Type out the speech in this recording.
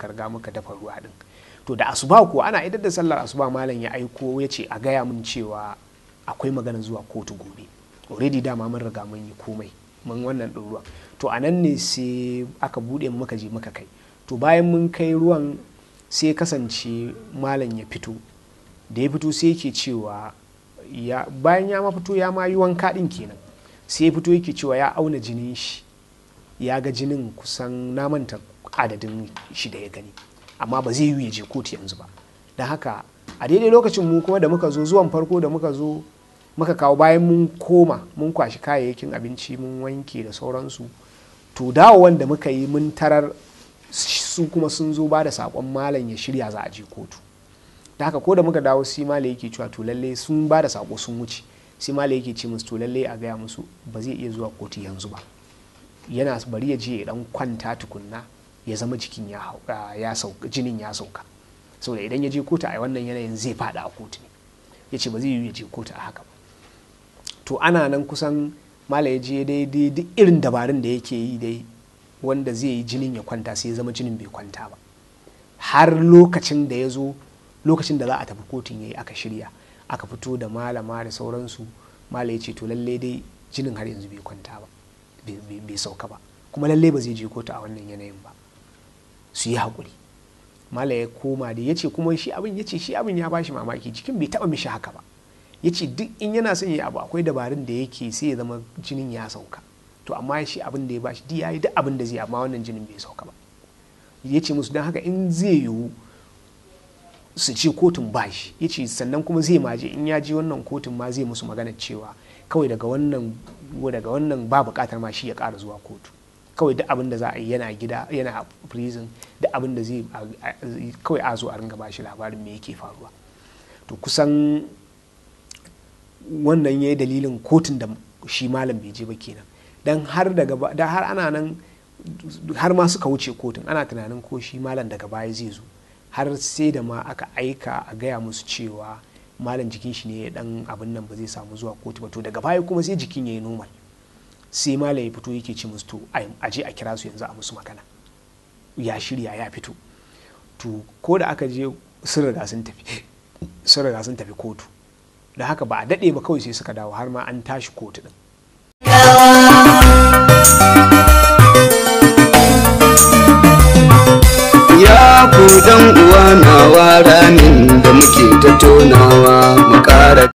karga muka dafa ruwa din to da asuba ko ana idar da sallar asuba malam ya aiko ya ce a gaya mun cewa akwai magana zuwa kotu gobe already dama mun riga mun yi komai mun wannan din ruwan to a nan ne sai aka bude mu muka je muka kai to bayan mun kai ruwan sai kasance malam ya fito da ya fito sai yake cewa bayan ya ma fito ya ma yi wanka din kenan sai ya fito yake cewa ya auna jinin shi ya ga jinin kusan namanta adadin shi da ya gani amma ba zai yi ya je kotu yanzu ba don haka a daidai lokacin mu kuma da muka zo zuwan farko da muka zo muka kawo bayan mun koma mun kwashi kayayyakin abinci mun wanke da sauransu to dawowan da muka yi mun tarar su kuma sun zo ba da saƙon malam ya shirya za a je kotu da haka ko da muka dawo si malam yake cewa to lalle sun ba da saƙo sun wuce si malam yake ce musu to lalle a gaya musu ba zai iya zuwa kotu yanzu ba yana bari ya je ya dan kwanta tukunna ya zama jikin ya sauka jinin ya sauka saboda idan ya je kotu a wannan yanayin zai fada a kotu ne ya ce ba zai yi ya je kotu a haka ba to ana nan kusan mala ya je daidai duk irin dabarun da yake yi dai wanda zai yi jinin ya kwanta sai ya zama jinin bai kwanta ba har lokacin da ya zo lokacin da za a tafi kotun ya yi aka shirya aka fito da malama da sauransu mala ya ce to lallai dai jinin har yanzu bai kwanta ba bai sauka ba kuma lalle ba zai je kotu a wannan yanayin ba su yi haƙuri mala ya koma da ya ce kuma shi abin ya ce shi abin ya bashi mamaki cikin bai taba mishi haka ba ya ce duk in yana son yi abu akwai dabarun da yake sai ya zama jinin ya sauka to amma shi abin da ya bashi duk ya duk abin da zai amma wannan jinin bai sauka ba ya ce musu don haka in zai yiwu su ce kotun ba shi ya ce sannan kuma zai maje in ya je wannan kotun ma zai musu magana cewa kawai daga wannan ba bukatar ma shi ya kara zuwa kotu kawai duk abin da za a yi yana gida yana prison duk abin da zai kawai a zo a ringa bashi labarin me yake faruwa to kusan wannan ya yi dalilin kotun da shi malam bai je ba kenan dan har har ana nan har ma suka wuce kotun ana tunanin ko shi malam daga baya zai zo har sai da ma aka aika a gaya musu cewa malam jikin shi ne dan abin nan ba zai samu zuwa kotu ba to daga baya kuma sai jikin ya yi normal sai malam ya fito yake ce musu to a je a kira su yanzu a musu magana ya shirya ya fito to ko da aka je sun riga sun tafi kotu da haka ba a dade ba kawai sai suka dawo har ma an tashi kotu din ku dan uwa nawa ramin da muke ta mu